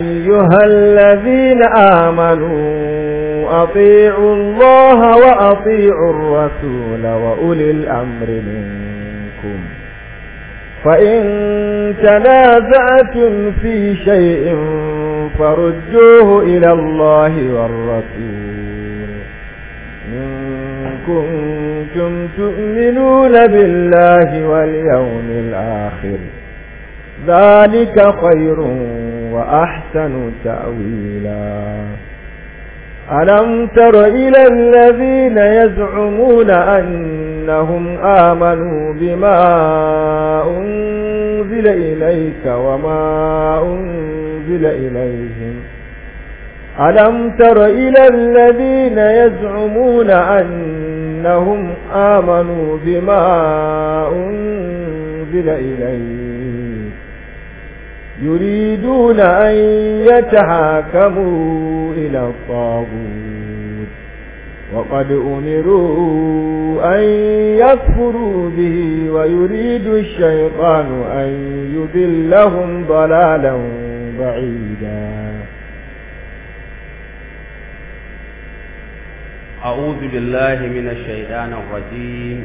أيها الذين آمنوا أطيعوا الله وأطيعوا الرسول وأولي الأمر منكم فإن تنازعتم في شيء فردوه إلى الله والرسول إن كنتم تؤمنون بالله واليوم الآخر ذلك خير وأحسن تأويلا ألم تر إلى الذين يزعمون أنهم آمنوا بما أنزل إليك وما أنزل إليهم ألم تر إلى الذين يزعمون أنهم آمنوا بما أنزل إليهم يريدون أن يتحاكموا إلى الطاغوت وقد أمروا أن يكفروا به ويريد الشيطان أن يذلهم ضلالا بعيدا أعوذ بالله من الشيطان الرجيم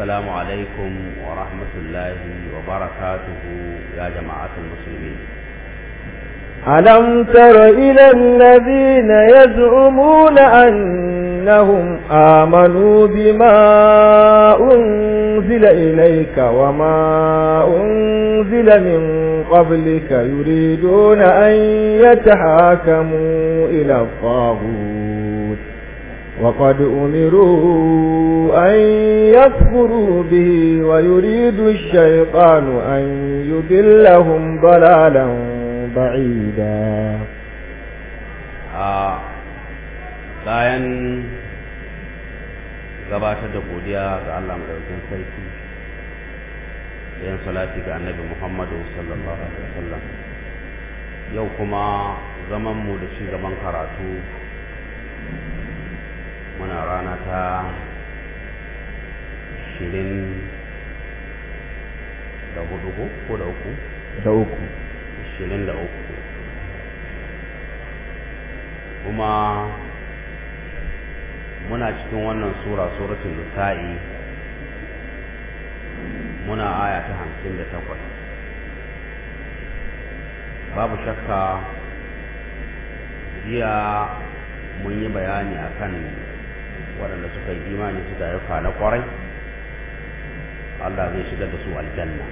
السلام عليكم ورحمة الله وبركاته يا جماعة المسلمين ألم تر إلى الذين يزعمون أنهم آمنوا بما أنزل إليك وما أنزل من قبلك يريدون أن يتحاكموا إلى الطاغوت وقد أمروا أن يكفروا به ويريد الشيطان أن يدلهم ضلالا بعيدا bayan gabatar da godiya ga Allah madaukakin sarki yan salati ga annabi Muhammadu sallallahu alaihi wasallam yau kuma zaman mu da shi gaban karatu muna rana ta shirin da hudu ko da uku da uku shirin da uku kuma muna cikin wannan sura suratul nisa'i muna aya ta hamsin da takwas babu shakka jiya mun yi bayani akan waɗanda suka yi imani suka yi kwana kwarai Allah zai shigar da su aljanna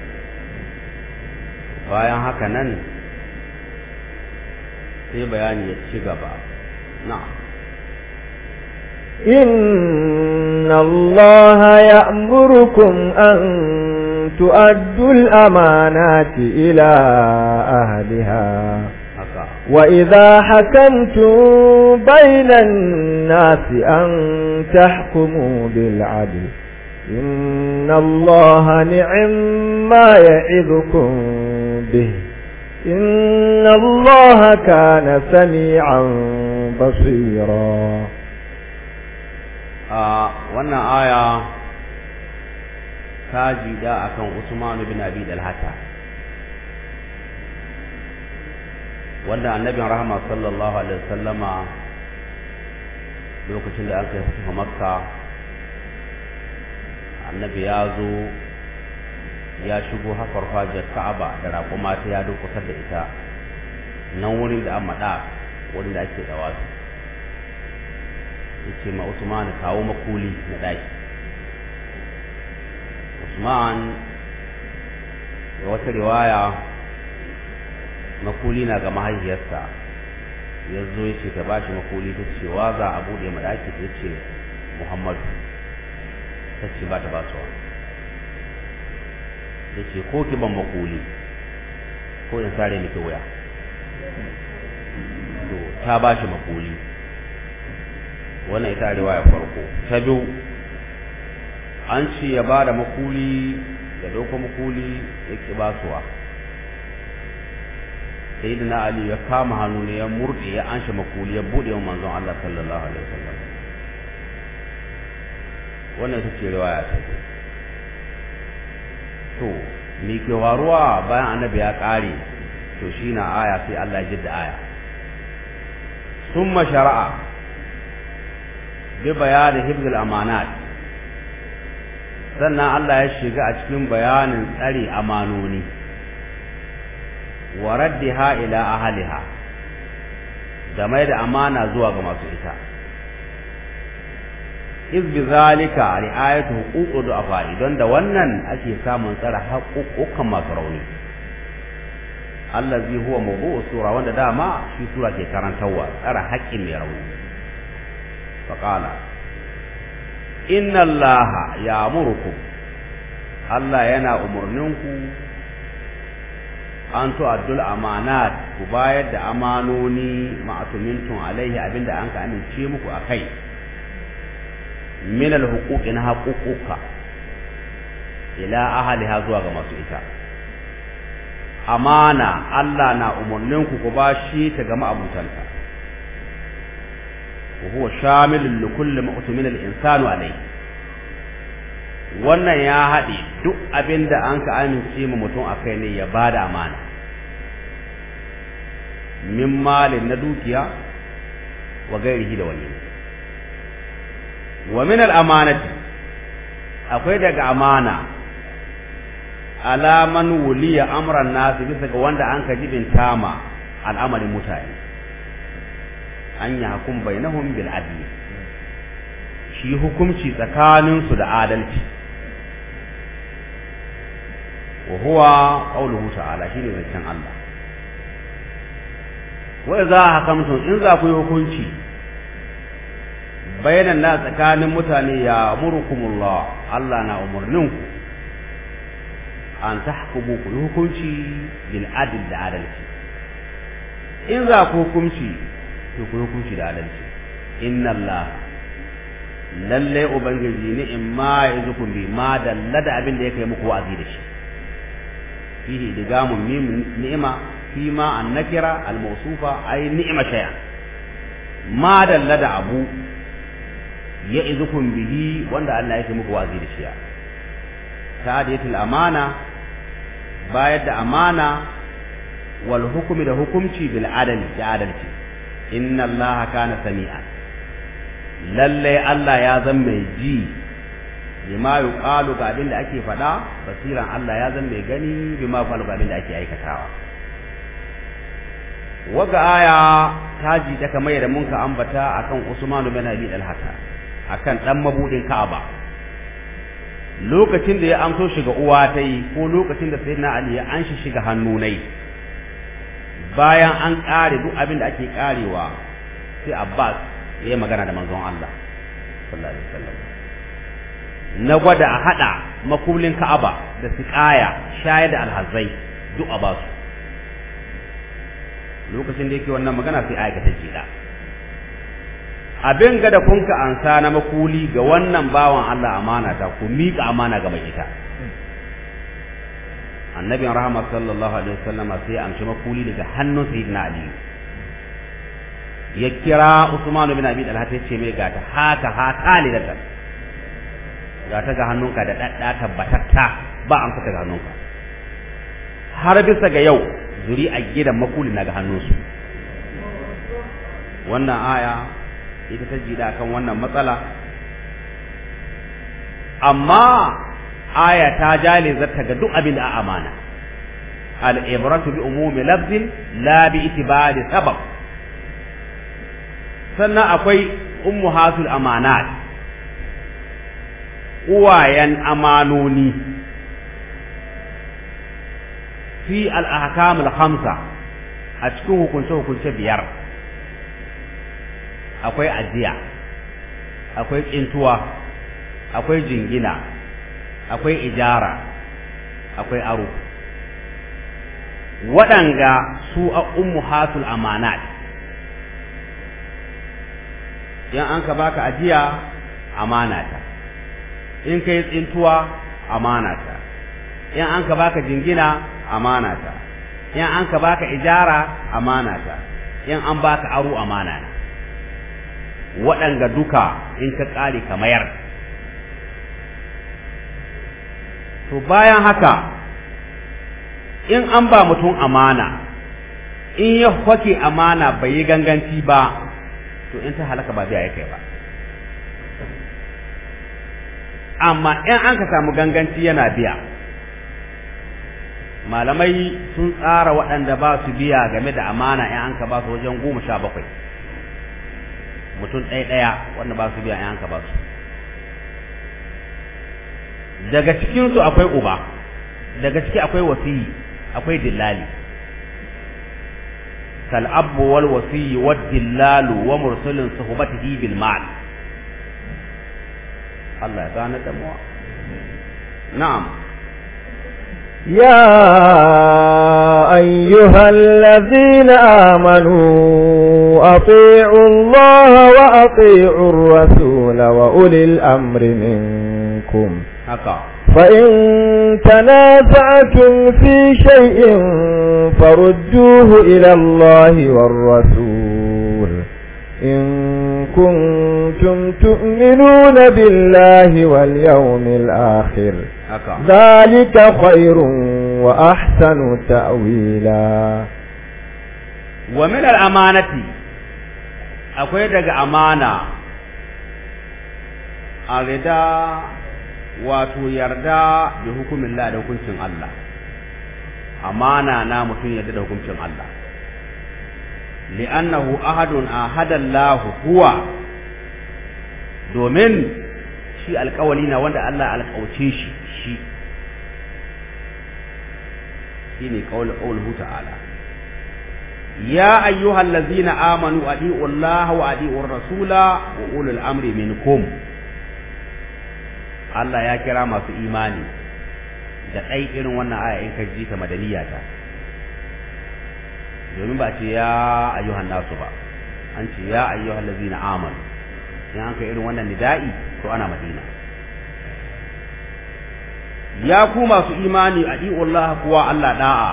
bayan haka nan sai bayani ya ci gaba na إن الله يأمركم أن تؤدوا الأمانات إلى أهلها وإذا حكمتم بين الناس للناس أن تحكموا بالعدل إن الله نعم ما يعظكم به إن الله كان سميعا بصيرا آه وانا آية تاجدا أكون عثمان بن أبي الهتى وانا النبي رحمه صلى الله عليه وسلم lokacin da aka yi fatuhu makka annabi ya zo ya shigo hafar fajar ka'aba da raƙuma ta ya durkusar da ita nan wurin da an maɗa wurin da ake da wasu yake ma Usman kawo makuli na ɗaki Usman da wata riwaya makuli na ga mahaifiyarsa ya zo ya ce ta ba shi makoli ta ce wa za a buɗe ma ɗaki ta ce muhammadu ta ce ba ta ba su ta ce ko ki ban makoli ko in sare miki wuya to ta ba shi makoli wannan ita riwaya farko ta biyu an ce ya ba da makuli ya ɗauko makuli ya su basuwa sayyidina ali ya kama hannu ne ya murde ya anshi makuli ya bude wa manzon Allah sallallahu alaihi wasallam wannan ita ce riwaya ta to ni ke waruwa bayan annabi ya kare to shi na aya sai Allah ya jidda aya summa shara'a bi bayani hibzul amanat sannan Allah ya shiga a cikin bayanin tsare amanoni wa raddiha ila ahliha da mai da amana zuwa ga masu ita iz bi zalika ri'ayatu huququ du'afa don da wannan ake samun tsara haƙuƙukan masu rauni allazi huwa mawdu'u sura wanda dama shi sura ke karantarwa tsara haƙƙin mai rauni faqala inna allaha ya'murukum Allah yana umurninku an to addul amanat ku bayar da amanoni ma'atumintun alaihi abinda an ka amince muku akai min hukuki na haququka ila ahliha zuwa ga masu ita amana Allah na umurnin ku ku bashi ta ga ma'abutanta wa huwa shamilun li kulli ma'tumin al-insanu alayhi wannan ya haɗe duk abinda an ka amince mu mutum akai ne ya bada amana min malin na dukiya wa gairihi da wani wa min al'amanati akwai daga amana alaman wuliya amran nasu bisa ga wanda an ka jibin tama al'amarin mutane an yi hukum bainahum bil adli shi hukumci tsakaninsu da adalci wa huwa qawluhu ta'ala ne zancen Allah wa za a hakamtum in za ku yi hukunci bayanan na tsakanin mutane ya murkumullah Allah na umarnin ku an tahkumu ku hukunci bil adl da adalci in za ku hukunci to ku hukunci da adalci inna Allah lalle ubangiji ne in ma zuku bi ma dalla da abin da yake muku wa'azi da shi fihi digamun mim ni'ima fima an almasufa al-mausufa ay shay'a ma da abu ya izukum bihi wanda Allah yake muku wazi da shi ta'adiyatul amana bayar da amana walhukumi da hukumci bil adl ya adalci inna Allah kana sami'a lalle Allah ya zan mai ji bima yuqalu ga abin da ake faɗa basiran Allah ya zan mai gani bima yuqalu ga abin da ake aikatawa waga aya ji ta mai da mun ka ambata akan Usman bin Abi al-Hasan akan dan mabudin Ka'aba lokacin da ya amso shiga uwa ta yi ko lokacin da sayyidina Ali ya anshi shiga hannu nai bayan an kare duk abin da ake karewa sai Abbas ya yi magana da manzon Allah sallallahu alaihi wasallam na gwada a hada makulin Ka'aba da siqaya shayar da alhazai duk a lokacin da yake wannan magana sai aika ta jira abin ga da kun ka ansa na makuli ga wannan bawan Allah amana ta ku miƙa amana ga mai ita annabin rahama sallallahu alaihi wasallam sai amshi makuli daga hannun sayyidina ali ya kira Usman bin Abi dalha ta ce mai ga ta haka haka ne da dan ga ta ga hannunka da dadda tabbatatta ba an fita ga hannunka har bisa ga yau zuri a gidan makuli na ga hannunsu wannan aya ita ta jida kan wannan matsala amma aya ta jalizar ta ga duk abin da a amana al'ibratu bi umumi lafzin la bi itibari sabab sannan akwai ummu hasul amanat uwayen amanoni fi al-ahkam al-khamsa a cikin hukunce hukunce biyar akwai ajiya akwai kintuwa akwai jingina akwai ijara akwai aro waɗanga su a ummu hatul amanat yan an ka baka ajiya amanata in kai tsintuwa amanata yan an ka baka jingina amana ta in an ka baka ijara amana ta in an baka aro amana na waɗanga duka in ka ƙare ka mayar to bayan haka in an ba mutum amana in ya kwake amana bai yi ganganci ba to in ta halaka ba zai ya kai ba amma in an ka samu ganganci yana biya malamai sun tsara waɗanda ba su biya game da amana in an ba su wajen goma sha bakwai mutum ɗaya ɗaya wanda ba su biya in an ba su daga cikinsu akwai uba daga ciki akwai wasiyi akwai dillali wasiyi كالأب والوصي والدلال ومرسل صحبته بالمال الله يبارك نعم يا أيها الذين آمنوا أطيعوا الله وأطيعوا الرسول وأولي الأمر منكم فإن تنازعتم في شيء فردوه إلى الله والرسول إن كنتم تؤمنون بالله واليوم الآخر ذلك خير وأحسن تأويلا ومن amanati akwai daga amana a wato yarda da hukumin Allah da hukuncin Allah amana na mutum yarda da hukuncin Allah li'annahu ahadun ahadallahu huwa domin shi alkawali na wanda Allah alkauce shi shi shine qaulu ta'ala ya ayyuhal lazina amanu adi'u Allah wa adi'u rasula wa ulul amri minkum Allah ya kira masu imani da ɗai irin wannan aya in ta madaniya ta domin ba ce ya ayyuhan nasu ba an ce ya ayyuhan lazina amanu in an ka irin wannan nida'i to ana madina ya ku masu imani a Allah kuwa Allah da'a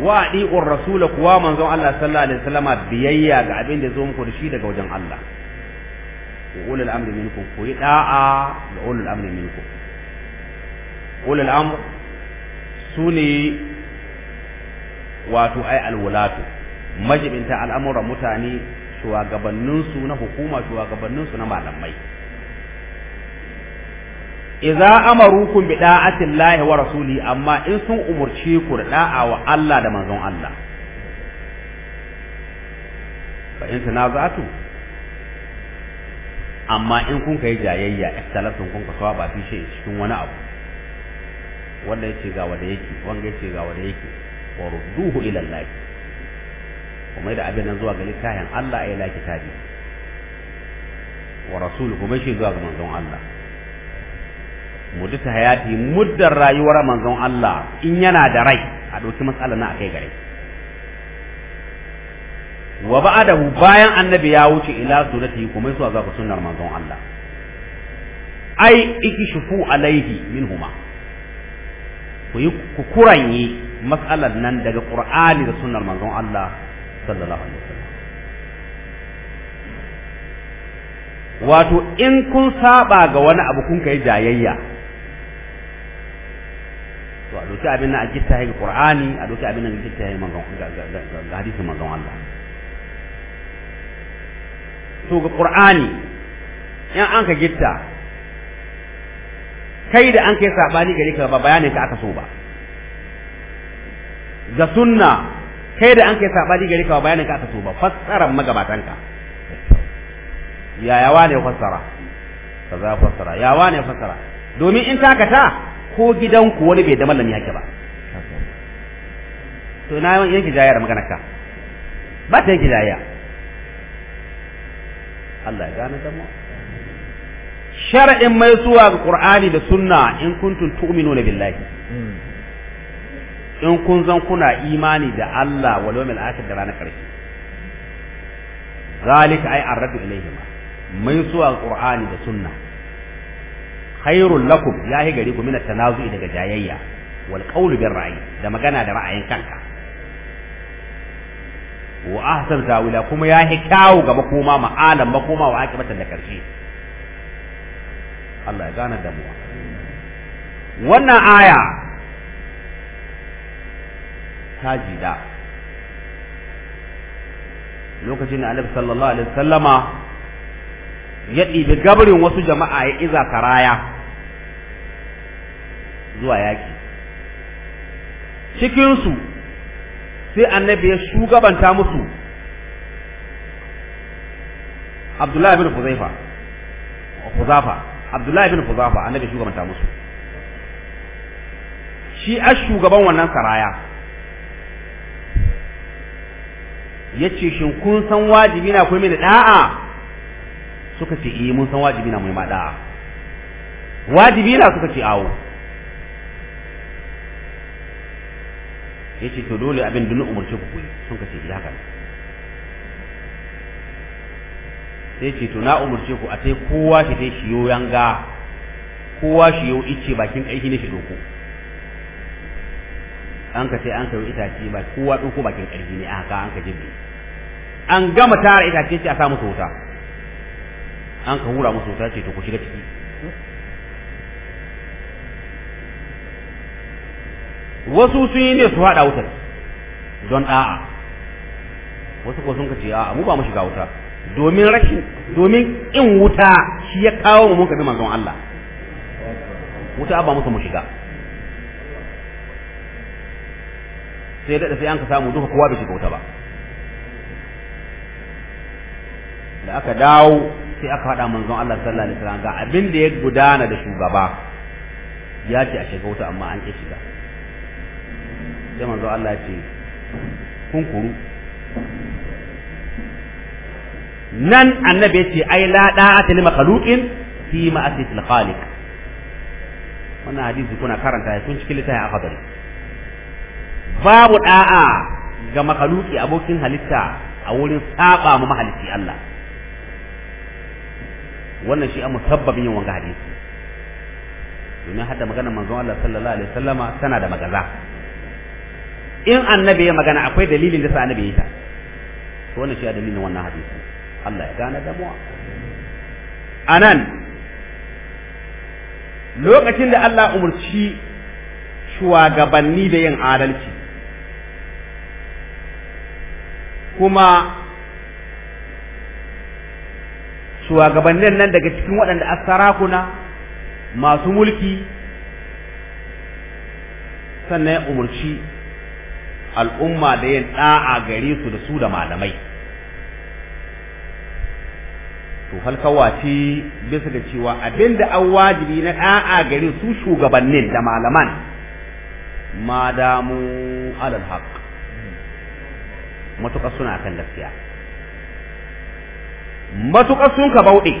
wa adi'ur rasul kuwa manzon Allah sallallahu alaihi wasallama biyayya ga abin da zo muku da shi daga wajen Allah Ku ulul amri minkum ku yi ɗa'a ga ulul amri minkum ulul amr sune wato ai alwulatu majibinta al'amuran mutane shugabanninsu na hukuma shugabanninsu na malamai idza amarukum bi da'ati lahi wa rasuli amma in sun umurce ku da da'a wa Allah da manzon Allah fa in tanaza'tu amma in kun kai jayayya ikhtalafun kun kasawa ba fi shi cikin wani abu wanda yake ga wanda yake wanda yake ga wanda yake wa rudduhu ila Allah kuma da abin nan zuwa ga littafin Allah ayi laki tabi wa rasuluhu kuma shi zuwa ga manzon Allah muddata hayati muddar rayuwar manzon Allah in yana da rai a ɗauki matsalar na kai gare wa ba'adahu bayan annabi ya wuce ila sunnati kuma zuwa ga sunnar manzon Allah ai ikishufu alaihi minhuma ku yi ku kuranye matsalar nan daga qur'ani da sunnar manzon Allah sallallahu alaihi wasallam wato in kun saba ga wani abu kun kai jayayya dauki abin nan a gitta ga Qur'ani a dauki abin nan a gitta ga manzon ga hadisin manzon Allah to ga Qur'ani in an ka gitta kai da an kai sabani gare ka ba bayanin ka aka so ba ga sunna kai da an kai sabani gare ka ba bayanin ka aka so ba fassara fassarar magabatanka yaya wane fassara kaza fassara ya wane fassara domin in takata ko gidanku wani bai da mallami yake ba to na yanki da magana ka ba ta yanki jaya. Allah ya gane da mu shar'in mai zuwa ga Qur'ani da Sunna in kuntum tu'minuna billahi in kun zan kuna imani da Allah wal yawmil akhir da ranar karshe zalika ay arradu ilayhima mai zuwa ga Qur'ani da Sunna khairul lakum yahi gari ku min tanazu'i daga jayayya wal qawlu bil ra'yi da magana da ra'ayin kanka wa ahsan tawila kuma yahi kyawu ga makoma ma'alan makoma wa akibatan da karshe Allah ya gane da mu wannan aya ta jida lokacin da Annabi sallallahu alaihi wasallama ya ɗibi gabrin wasu jama'a ya iza karaya zuwa yaƙi cikinsu sai annabi ya shugabanta musu abdullahi bin huzaifa huzafa abdullahi bin huzafa annabi shugabanta musu shi a shugaban wannan saraya ya ce shin kun san wajibi na kuma mini da'a suka ce eh mun san wajibi na mai ma da'a wajibi na suka ce awo yace to dole abin na umurce ku koyi sun kace ya haka sai ce to na umurce ku a sai kowa shi dai shiyo yanga kowa shiyo ice bakin aiki ne shi doko an ka sai an ka yi itace ba kowa doko bakin karfi ne aka an ka jibi an gama tara itace sai a samu musu an ka hura musu wuta ce to ku shiga ciki wasu sun yi ne su haɗa wutar don ɗa'a wasu kuwa sun kace a'a mu ba mu shiga wuta domin rashin domin in wuta shi ya kawo mu muka bi manzon Allah wuta ba musu mu shiga sai da sai an ka samu duka kowa bai shiga wuta ba da aka dawo sai aka haɗa manzon Allah sallallahu alaihi wasallam ga abin da ya gudana da shugaba ya ce a shiga wuta amma an ke shiga sai manzo Allah ya ce kunkuru nan annabi ya ce ai la da'ata li makhluqin fi ma'asiyatil khaliq wannan hadisi kuna karanta ya kun cikin a afadari babu da'a ga makhluqi abokin halitta a wurin saba mu mahalicci Allah wannan shi a musabbabin yin wanga hadisi domin hadda magana manzon Allah sallallahu alaihi wasallama tana da magaza in annabi ya magana akwai dalilin da sa annabi ya ta to wannan shi dalilin wannan hadisi Allah ya gane damuwa anan lokacin da Allah umurci shugabanni da yin adalci kuma shugabannin nan daga cikin waɗanda a sarakuna masu mulki sannan ya umarci al'umma da yin da'a gare su da su da malamai to halkawaci bisa ga cewa abinda an wajibi na da'a gare su shugabannin da malaman ma damu alal haq matuƙa suna kan gaskiya matuƙa sun ka bauɗe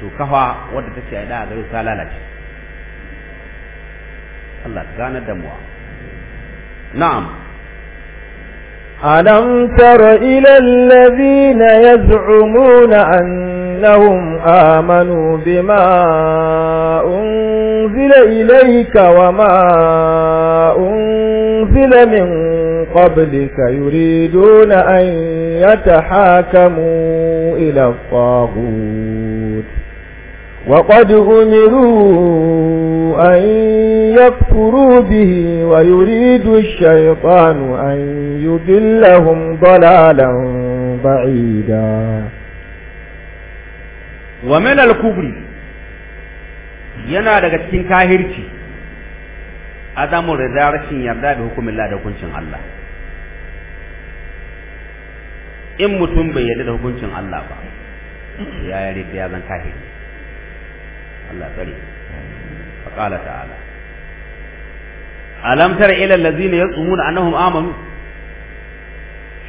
to kafa wadda ta ce a da'a gare su ta lalace Allah ganar da damuwa. نعم ألم تر إلى الذين يزعمون أنهم آمنوا بما أنزل إليك وما أنزل من قبلك يريدون أن يتحاكموا إلى الطاغوت وقد أمروا أن يكفروا به ويريد الشيطان أن يدلهم ضلالا بعيدا ومن الكبر yana daga cikin kahirci adamu rida rashin yarda da hukumin Allah da hukuncin Allah in mutum bai yarda da hukuncin Allah ba ya yarda ya zan kahiri قال تعالى ألم تر إلى الذين يزعمون أنهم آمنوا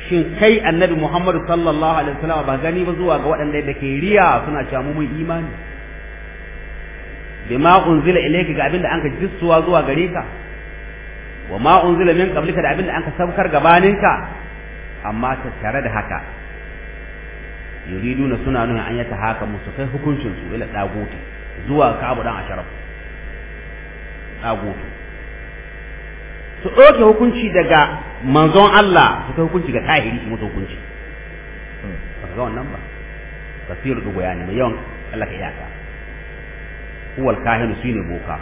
shin kai annabi Muhammad sallallahu alaihi wasallam ba gani ba zuwa ga waɗanda da ke riya suna camu mun imani bima unzila ilayka ga abinda anka jissuwa zuwa gare ka wa ma unzila min qablika da abinda anka sabkar gabaninka amma ta tare da haka yuriduna suna nuna an yata haka musu kai hukuncin su ila daguti zuwa ka abu dan asharaf tsagoto su ɗauke hukunci daga manzon Allah su kai hukunci ga tahiri su mutu hukunci ba ga wannan ba tafsirul goya ne mai yawan Allah ka iyaka huwal kahinu shine boka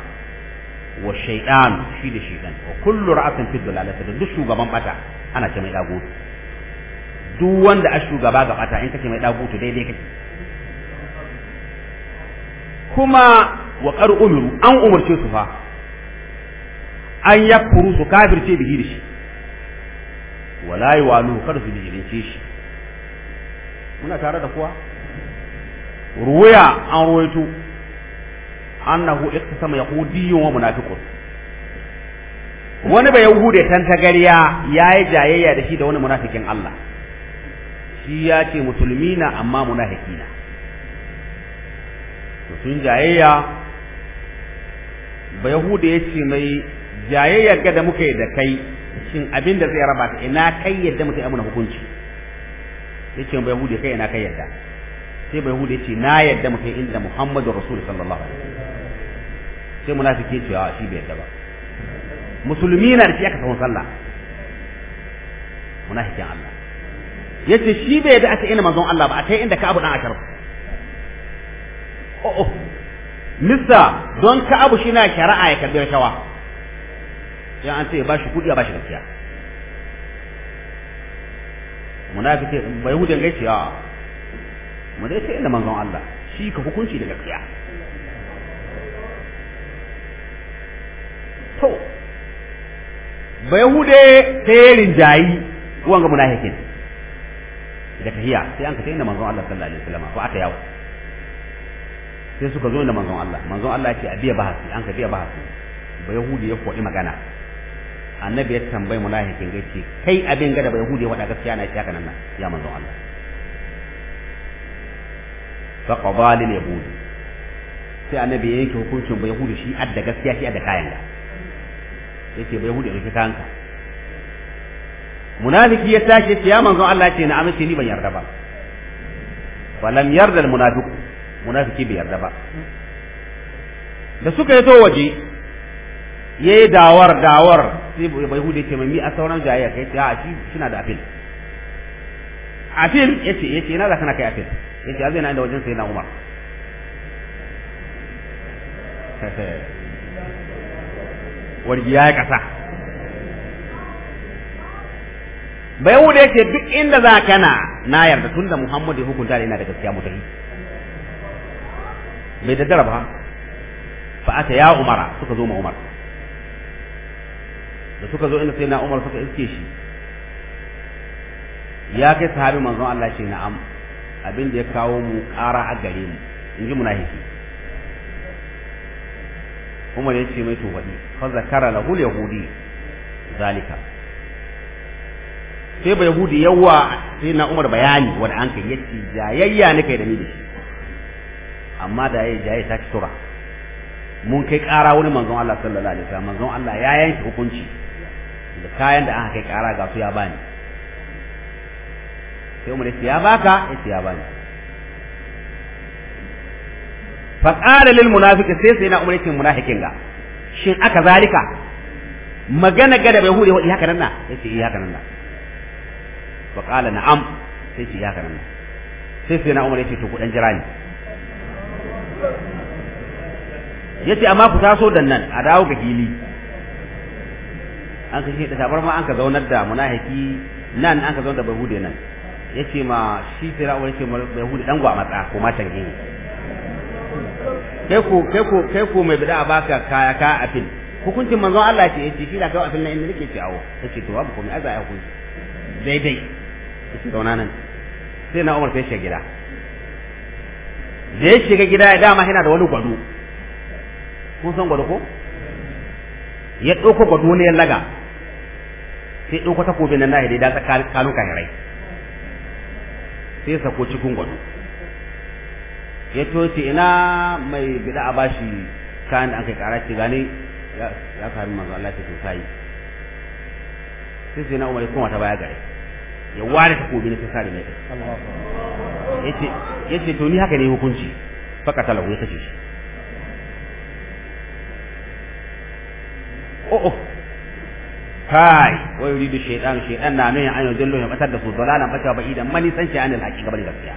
wa shaidan shi da shaytan wa kullu ra'atin fi dalalati da duk shugaban bata ana ce mai dagoto duk wanda a shugaba ga bata in kake mai dagoto daidai kake kuma wa qar an umurce su fa an yakfuru su kafirce bihi da shi wala yuwalu kar su bijirince shi muna tare da kuwa ruwaya an ruwaito annahu iktasama yahudiyyun wa munafiqun wani bai yahude tan gariya yayi jayayya da shi da wani munafikin Allah shi ya ce musulmina amma munafikina to sun jayayya ba yahude yace mai jayayyar ga da muka yi da kai shin abin da zai raba ta ina kai yadda muka yi amuna hukunci yace bai hude kai ina kai yadda sai bai hude ce na yadda muka yi inda Muhammadu Rasul sallallahu alaihi wasallam sai munafiki yace a shi bai yadda ba musulmi na da shi aka samu sallah munafikin Allah yace shi bai yadda aka ina manzon Allah ba a kai inda ka abu dan akar oh oh Nisa don ka abu shi na shari'a ya karbi rashawa sai an ce ya bashi kuɗi a bashi gaskiya munafiki bai hudin gaci a mu dai sai manzon Allah shi ka hukunci da gaskiya to bai hude sai rinjayi ga munafikin da tahiya sai an ka sai inda manzon Allah sallallahu alaihi wasallam ko aka yawo sai suka zo da manzon Allah manzon Allah ya ce a biya bahasi an ka biya bahasi ba yahudi ya koyi magana annabi ya tambayi munafikin ce kai abin gada bai hude wada gaskiya na shi haka nan ya manzo Allah fa qadali yahud sai annabi ya yanke hukuncin bai hude shi adda gaskiya shi adda kayan ga yace bai hude rufe kanka munafiki ya tashi ce ya manzon Allah ce na amince ni ban yarda ba falam yarda al munafiqu munafiki bai yarda ba da suka yi to waje ya dawar dawar sai bai hude ce mai mi a sauran jayayya kai ce a shi suna da afil afil yace yace ina da kana kai afil yace azai na inda wajen sai na Umar wargiya ya kasa bai hude yace duk inda za kana na yarda tunda Muhammadu hukunta da ina da gaskiya mutane bai daddara ba fa ata ya Umara suka zo ma Umar da suka zo inda sai na umar suka iske shi ya kai sahabi manzon Allah ce na'am abin da ya kawo mu ƙara a gare mu in ji munafiki umar ya ce mai to wadi fa zakara lahu yahudi zalika sai ba yahudi yawa sai na umar bayani wanda an kai yace jayayya ne kai da ni da shi amma da yayi jaye ta tura mun kai ƙara wani manzon Allah sallallahu alaihi wasallam manzon Allah ya yanke hukunci da kayan da aka kai kara ga su ya bani sai umar ya baka yace ya bani fa qala lil munafiqi sai sai na umar ce munafikin ga shin aka zalika magana ga da bai hude haka nan na yace eh haka nan na fa qala na'am sai ce haka nan na sai sai na umar yace to ku dan jira ni yace amma ku taso dan nan a dawo ga hili an ka da ma an ka zaunar da munahiki nan an ka zaunar da bahude nan ya ce ma shi fir'aun ce ma bahude dan gwa matsa ko ma tangi kai ko kai ko kai ko mai bid'a baka kaya ka afin hukuncin manzon Allah ce ya ce shi eh, da kai afin nan inda nake ci awo ce to babu komai azai hukunci daidai yace zauna nan sai na Umar sai shiga gida da ya shiga gida ya dama yana da wani gwado kun san gwado ko ya ɗauko gwado ne ya laga sai ɗauko takobin nan nahi da tsakanin kanun kahirai sai ya sako cikin gwado ya toce ina mai bida a bashi kayan da an kai kara ce gane ya sami manzo Allah ce to sai sai na umar ya koma ta baya gare ya ware takobi na sai da mai ya ce to ni haka ne hukunci faka talahu ya kashe shi oh oh kai wa yuridu shaytan shaytan na nuhin an yajillu ya batar da su dalalan bata ba idan mani san shi anil haqiqa bari gaskiya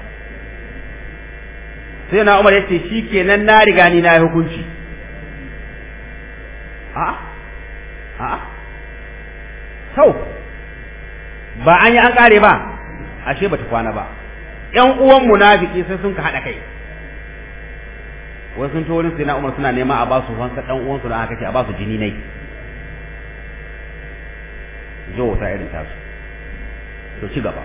sai na Umar yace shikenan na riga ni na yi hukunci a a sau ba an yi an kare ba ashe bata kwana ba yan uwan munafiki sai sun ka hada kai wasu sun to wurin sai na Umar suna neman a ba su wanka dan uwan su da aka ce a ba su jini nai zuwa irin tasu to ci gaba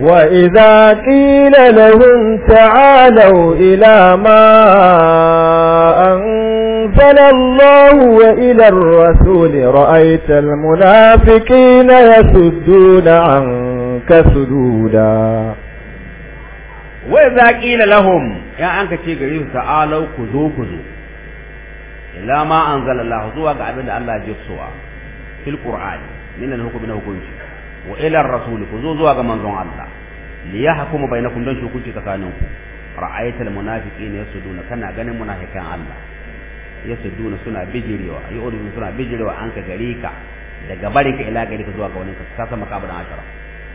wa idza qila lahum ta'alu ila ma anzala Allah wa ila ar-rasul ra'aita al-munafiqina yasudduna anka sududa wa idza qila lahum ya anka ce gari su ta'alu ku ila ma anzala Allah zuwa ga abinda Allah ya jefsuwa fil qur'an min al hukm na hukunci wa ku zo zuwa ga manzon Allah li yahkum bainakum dan hukunci tsakaninku ra'ayta al munafiqina yasuduna Allah yasuduna suna bijirewa yu'riduna daga barinka ila gare zuwa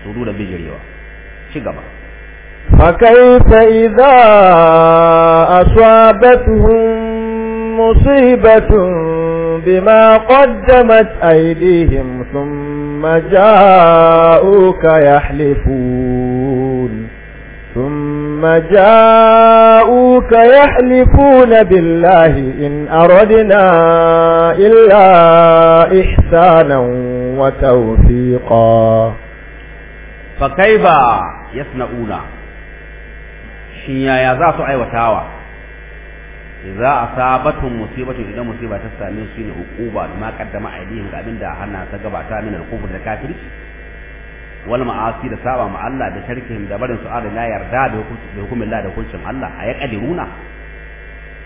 wani فكيف إذا أصابتهم مصيبة بما قدمت أيديهم ثم جاءوك يحلفون ثم جاءوك يحلفون بالله إن أردنا إلا إحسانا وتوفيقا فكيف يصنعون شيا يا ذات عيوتاوا أيوة Za a asabatuhum musibatu idan musiba ta same su ne uquba ma kaddama aidihim ga abinda hana ta gabata min al da kafirci wal ma'asi da saba ma Allah da sharkihim da barin su ala la yarda da hukumin Allah da hukuncin Allah ay qadiruna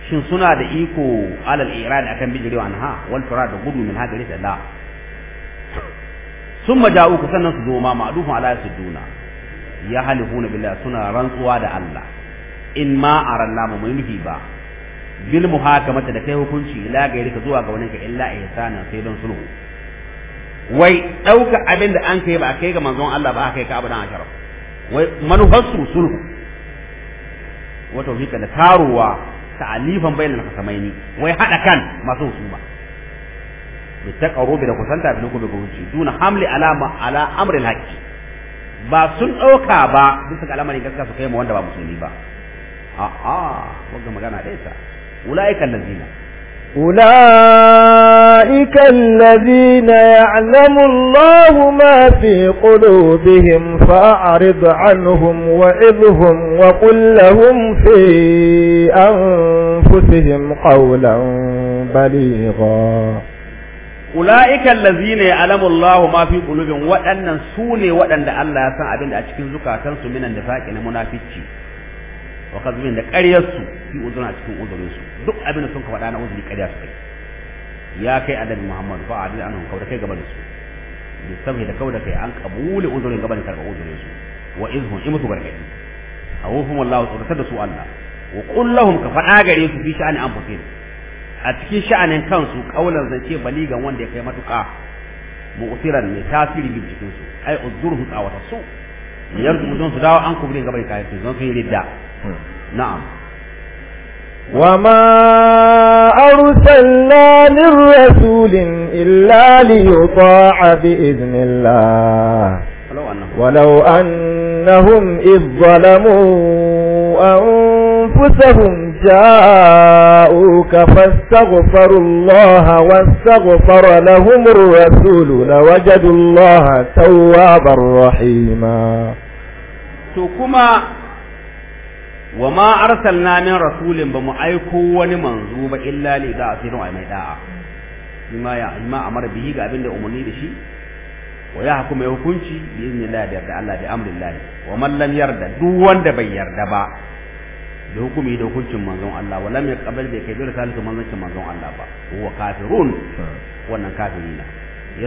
shin suna da iko ala al-irad akan bijiri anha wal furad da gudu min hadari da la summa ja'u ku sannan su zo ma ma'dufun ala suduna ya halifuna billah suna rantsuwa da Allah in ma aranna mu mulki ba bil muhakamata da kai hukunci ila ga ka zuwa ga wani ka illa ihsana sai don sulhu wai dauka abin da an kai ba kai ga manzon Allah ba kai ka abadan asharaf wai manufarsu sulhu wato tawfika da taruwa ta'alifan bainal samaini wai hada kan masu husuma bi taqarrubi da kusanta bi bi hukunci duna hamli alama ala amri alhaqi ba sun dauka ba bisa ga al'amarin gaskiya su kai ma wanda ba musulmi ba a'a wanda magana dai sa. أولئك الذين أولئك الذين يعلم الله ما في قلوبهم فأعرض عنهم وعظهم وقل لهم في أنفسهم قولا بليغا أولئك الذين يعلم الله ما في قلوبهم وأن سوني وأن الله يسعى بين أشكين زكاة من النفاق إلى منافقين وقد من ذلك أريسوا في أذنها أشكين أذنسوا duk abin da sun ka faɗa na uzuri ƙarya su kai ya kai annabi Muhammad fa adil anhu kauda kai gaban su bi sabhi da kauda kai an kabuli uzurin gaban karba uzurin su wa izhum imtu barkati awhum Allah ta da su Allah wa qul lahum ka faɗa gare su fi sha'ani anfusihim a cikin sha'anin kansu kaulan zance baligan wanda ya kai matuƙa mu'siran mai tasiri bi cikin su ai uzurhu tsawata su yanzu mutum su dawo an kubrin gaban kai su zan su yi ridda hmm. na'am وما أرسلنا من رسول إلا ليطاع بإذن الله ولو أنهم إذ ظلموا أنفسهم جاءوك فاستغفروا الله واستغفر لهم الرسول لوجدوا الله توابا رحيما تكما wa ma arsalna min rasulin ba mu aiko wani manzo ba illa li da asirin wa mai da'a bima ya ima amara bihi ga abinda umarni da shi wa ya hukuma ya hukunci bi iznillah da yarda Allah bi amrillah wa man lam yarda duk wanda bai yarda ba da hukumi da hukuncin manzon Allah wa lam yaqbal bi kabir salisu manzoncin manzon Allah ba huwa kafirun wannan kafiri ne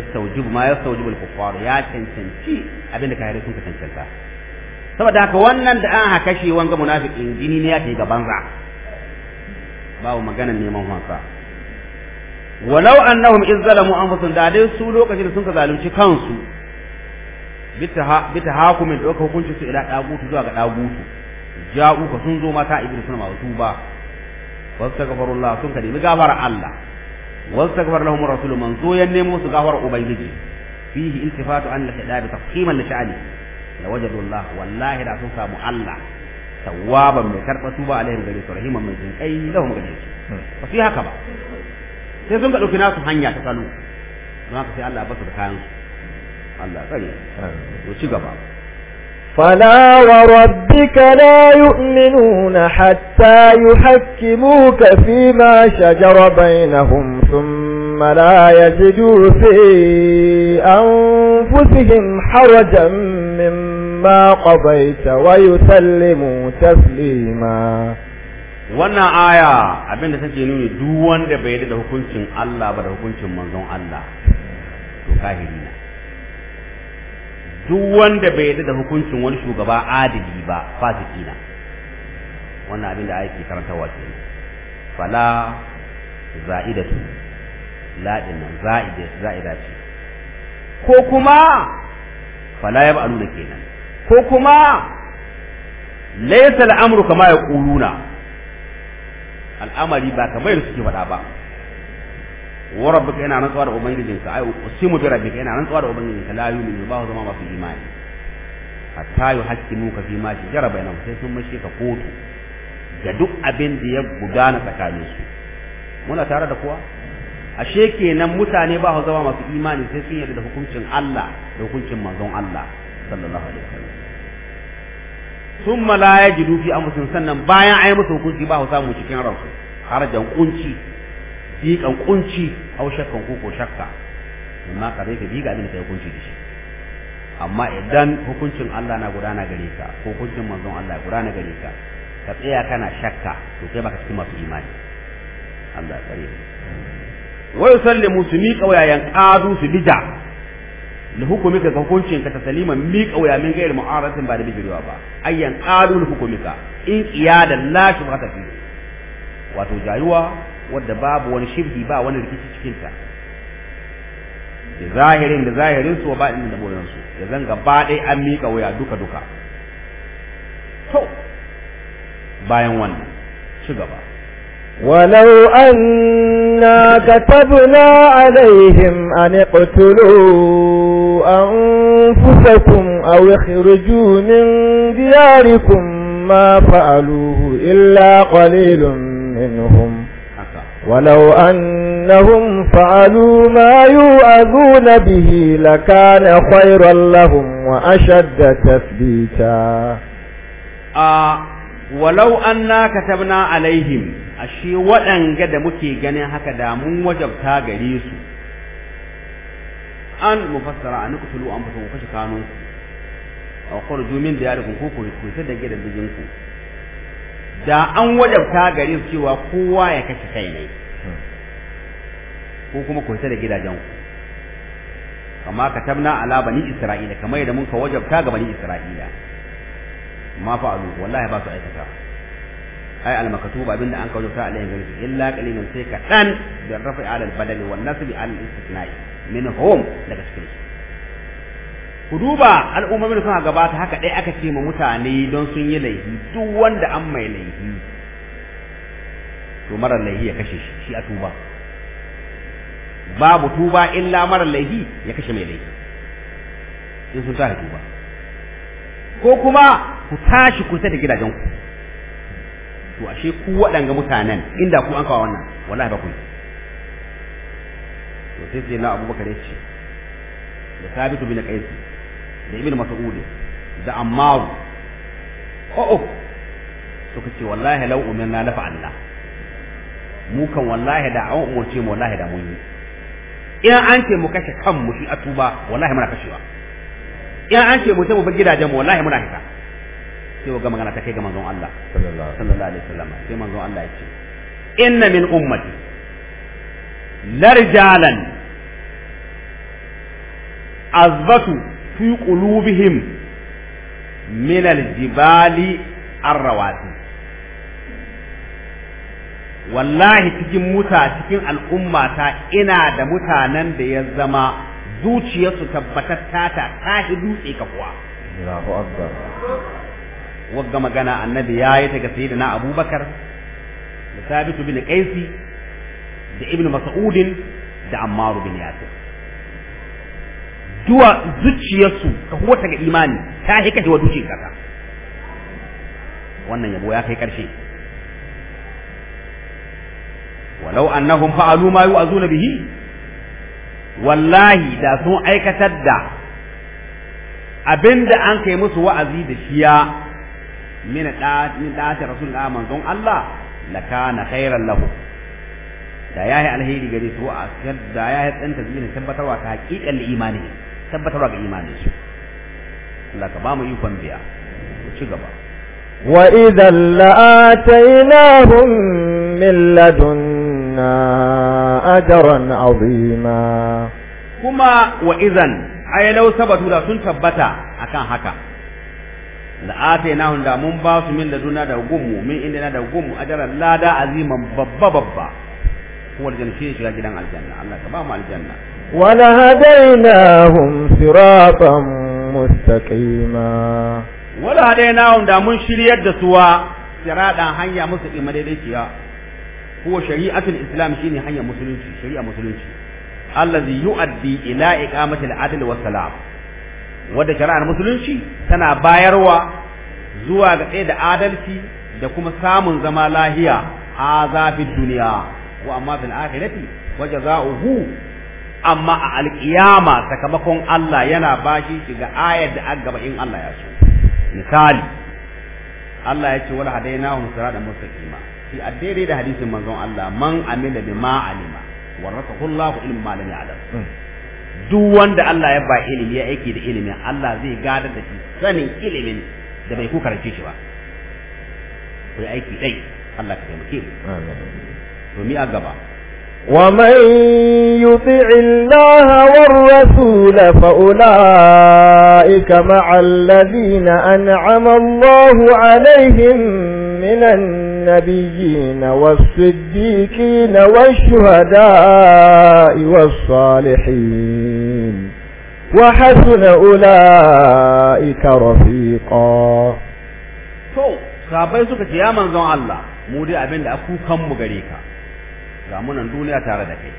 yastawjibu ma yastawjibu al-kuffar ya cancanci abinda kafirai sun cancanta saboda haka wannan da an haka shi wanga munafiqin jini ne ya kai gaban za bawo magana neman wanka walau annahum iz zalamu anfusahum da dai su lokacin da sun ka zalunci kansu bitaha bitahakumin da hukunci su ila dagutu zuwa ga dagutu ja'u ka sun zo mata ibnu sunna wasu ba wastaghfirullah sun ka nemi gafara Allah wastaghfir lahum rasul manzo ya nemo su gafara ubangiji fihi iltifatu an al-hidayah tafhiman li sha'ani la wajadu Allah wallahi da sun samu Allah tawwaban mai karɓa tuba alaihim gari su rahiman mai jin kai lahum gare su hmm. ba su yi haka ba sai sun ga dauki nasu hanya ta salo don haka sai Allah ya basu da kayan Allah tsare hmm. to ci gaba فلا وربك لا يؤمنون حتى يحكموك فيما شجر بينهم ثم لا يجدوا في أنفسهم حرجا مما ما قضيت ويسلموا تسليما wannan aya abin da take nuni duk wanda bai da hukuncin Allah ba da hukuncin manzon Allah to kafiri na duk wanda bai da hukuncin wani shugaba adili ba fasiki na wannan abin da ake karantawa ke fala za'idatu la'in nan za'ida za'ida ce ko kuma fala ya ba'alu kenan ko kuma laysa al'amru kama yaquluna al'amari ba kamar da suke faɗa ba wa rabbuka nan rantsuwa da ubangijinka ai usimu bi rabbika yana rantsuwa da ubangijinka la yu'minu ba zama masu imani hatta yuhaqqimuka fi ma shajara bainahum sai sun mashi ka kotu ga duk abin da ya gudana tsakanin su muna tare da kowa ashe kenan mutane ba su zama masu imani sai sun yarda da hukuncin Allah da hukuncin manzon Allah sallallahu alaihi wasallam sun la ya ji dufi a mutum sannan bayan yi musu hukunci ba hausa samu cikin ransu da kunci kan kunci au shakkan ko ko shakka amma ka zai ka bi ga abin da hukunci da shi amma idan hukuncin Allah na gudana gare ka ko hukuncin manzon Allah ya gudana gare ka ka tsaya kana shakka to kai baka cikin masu imani Allah ya kare wa yusallimu su miƙa wayayen ƙadu su bija da hukumika ga hukuncinka ta salima miƙa wuya min gairi mu'aratin ba da bijirwa ba ayyan qalu hukumika in iyada la shubhata fi wato jayuwa wadda babu wani shirki ba wani rikici cikinta ta da zahirin da zahirin su ba din da su ya zanga ba dai an miƙa wuya duka duka to bayan wannan ci gaba ولو أنا كتبنا عليهم أن اقتلوا أنفسكم أو اخرجوا من دياركم ما فعلوه إلا قليل منهم ولو أنهم فعلوا ما يوعظون به لكان خيرا لهم وأشد تثبيتا آه ولو أننا كتبنا عليهم ashe waɗanga da muke ganin haka da mun wajabta gare su an mufassara an kutulu an fasa ku kashe kanun ku aw kharju da diyarikum ku ku ku da gidan bijin ku da an wajabta gare su cewa kowa ya kashe kai ne ko kuma ku da gidajen ku ka tabna ala bani isra'ila kamar yadda muka wajabta ga bani isra'ila ma fa'alu wallahi ba su aikata ai al maktuba abinda an kawo ta alayhi gari illa qalilan sai ka dan da rafa'a al badali wan nasbi al istisna'i min minhum daga cikin su ku duba al'ummomin suna gabata haka ɗaya aka ce ma mutane don sun yi laifi duk wanda an mai laifi to mara laifi ya kashe shi shi a tuba babu tuba illa mara laifi ya kashe mai laifi in sun tashi tuba ko kuma ku tashi kusa da gidajenku to ashe ku waɗanga mutanen inda ku an kawo wannan wallahi ba ku yi to sai sai na abubakar ya ce da sabitu bin qais da ibn mas'ud da ammar o'o suka ce wallahi law umirna la fa'alna mu kan wallahi da an umurce mu wallahi da mun yi in an ce mu kashe kanmu shi atuba wallahi muna kashewa in an ce mu ta mu bar gidajen mu wallahi muna hita sai ga magana ta kai ga manzon Allah sallallahu alaihi wasallam sai manzon Allah ya ce inna min ummati larjalan azbatu fi qulubihim min aljibali arrawati wallahi cikin muta cikin al'umma ta ina da mutanen da ya zama zuciyarsu tabbatatta ta ta dutse ka kuwa wagga magana annabi yayi ta ga sayyidina Abubakar da Sabitu bin Qaisi da ibn mas'udin da ammar bin yasir duwa zuciyarsu ka huwata ga imani ta hika wa zuciyar kasa wannan yabo ya kai karshe walau annahum fa'alu ma yu'azuna bihi wallahi da sun aikatar da abinda an kai musu wa'azi da shiya min da min da rasul manzon Allah lakana khairan lahu da ya yayi alheri gare su a da yayi dan tazmin tabbatarwa ta hakikan imani tabbatarwa ga imani su Allah ka ba mu ikon biya ku ci gaba wa idan la'atainahum min ladunna ajran azima kuma wa idan ayyalau sabatu da sun tabbata akan haka la'atainahum da mun ba su min ladunna da gummu min na da gummu ajran lada aziman babba babba huwal janna shi shiga gidan aljanna Allah ka ba mu aljanna wala hadainahum siratan mustaqima wala hadainahum da mun shiryar da suwa siradan hanya musu kima daidaiciya huwa shari'atul islam shine hanya musulunci shari'a musulunci allazi yu'addi ila iqamati al-adl wa salam wadda shari'ar musulunci tana bayarwa zuwa ga tsaye da adalci da kuma samun zama lahiya a zafin duniya wa amma fil akhirati wa jazaohu amma a alkiyama sakamakon Allah yana bashi shi ga ayar da aka gaba in Allah ya so misali Allah ya ce wala hadaina hum sirata mustaqima fi addai da hadisin manzon Allah man amila bima alima warasahu Allah ilmin ma lam ya'lam hmm. duk wanda Allah ya ba ilimi ya aiki da ilimi Allah zai gadar da shi sanin ilimin da bai ku karance shi ba ku aiki dai Allah ka taimake mu amin to mi a gaba ومن يطع الله والرسول فأولئك مع الذين أنعم الله عليهم من النبيين والصديقين والشهداء والصالحين وحسن أولئك رفيقا تو sabai suka ce ya manzon Allah mu dai abin da aku kan mu gare ka ga munan duniya tare da kai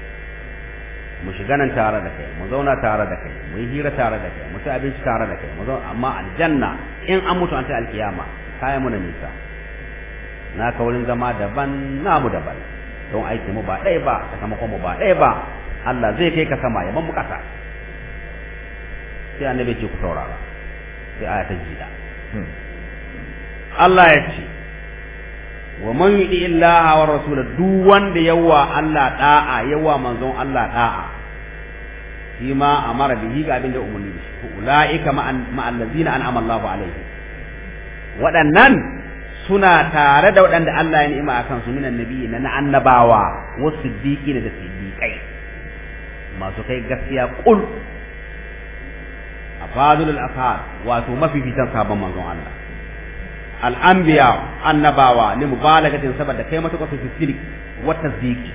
mu shiga nan tare da kai mu zauna tare da kai mu yi hira tare da kai mu ci abinci tare da kai mu zauna amma aljanna in an mutu an ta alkiyama kayan mu na nisa na ka zama daban namu daban don aiki mu ba ɗaya ba sakamakon mu ba ɗaya ba Allah zai kai ka sama ya mu ƙasa sai annabi ce ku saurara sai aya ta jida hmm. Allah ya ce wa man yuti illaha wa rasula duk wanda yawa Allah da'a yawa manzon Allah da'a shi ma amara bihi ga abinda umurni da shi ulaika ma allazina an'ama Allahu alaihi waɗannan suna tare da waɗanda Allah ya ni'ima akan su minan nabiyyi na annabawa wa siddiqi da siddiqai masu kai gaskiya kul afadul afad wato mafificin sabon manzon Allah al'ambiya annabawa ne mubalagatin saboda kai matuƙa su fisiri wata ziki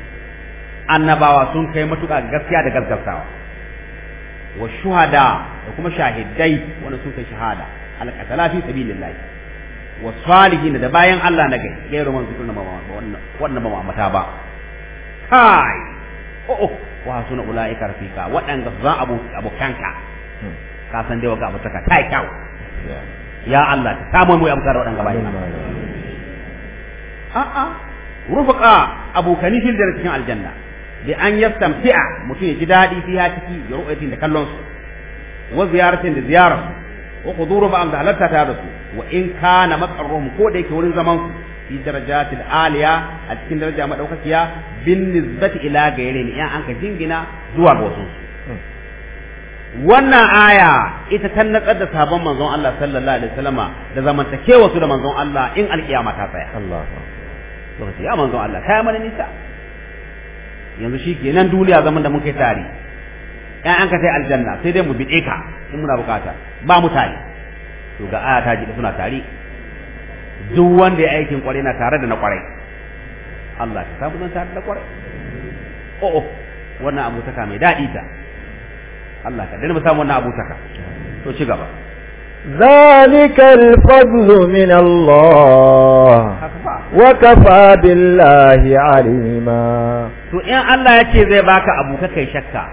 annabawa sun kai matuƙa gaskiya da gaggausawa wa shuhada da kuma shahidai wani sun kai shahada alƙatala fi sabilillahi wa salihin da bayan Allah na gai gairu man zikir wannan ba mamata ba kai oh, oh wa suna ulaika rafika waɗanda za abokanka hmm. ka san dai wa ga abutaka kai kyau ya Allah ka samu mu da waɗanda ba a'a rufaqa abokani fil da cikin aljanna bi an yastamti'a mutum ya ji daɗi fiha ciki ya ru'atin da kallon su wa ziyaratin da ziyarar wa quduru ba amda halatta ta da su wa in kana maqarruhum ko da yake wurin zaman su fi darajatil aliya a cikin daraja madaukakiya bin nisbati ila gairin in an ka jingina zuwa ga wasu wannan aya ita ta natsar da sabon manzon Allah sallallahu alaihi wasallama da zamantakewa su da manzon Allah in alkiyama ta tsaya Allah lokaci ya manzon Allah kai mana nisa yanzu shi ke nan duniya zaman da muke tare an ka sai aljanna sai dai mu bide ka in muna bukata ba mutane to ga aya ta ji suna tare duk wanda ya aikin kwarai na tare da na kwarai Allah ta samu zan tare da kwarai o'o oh, oh, wannan abu ta mai daɗi ta Allah ka dani mu samu wannan abutaka to ci gaba zalikal fadlu min Allah wa kafa billahi alima to in Allah yace zai baka abu ka kai shakka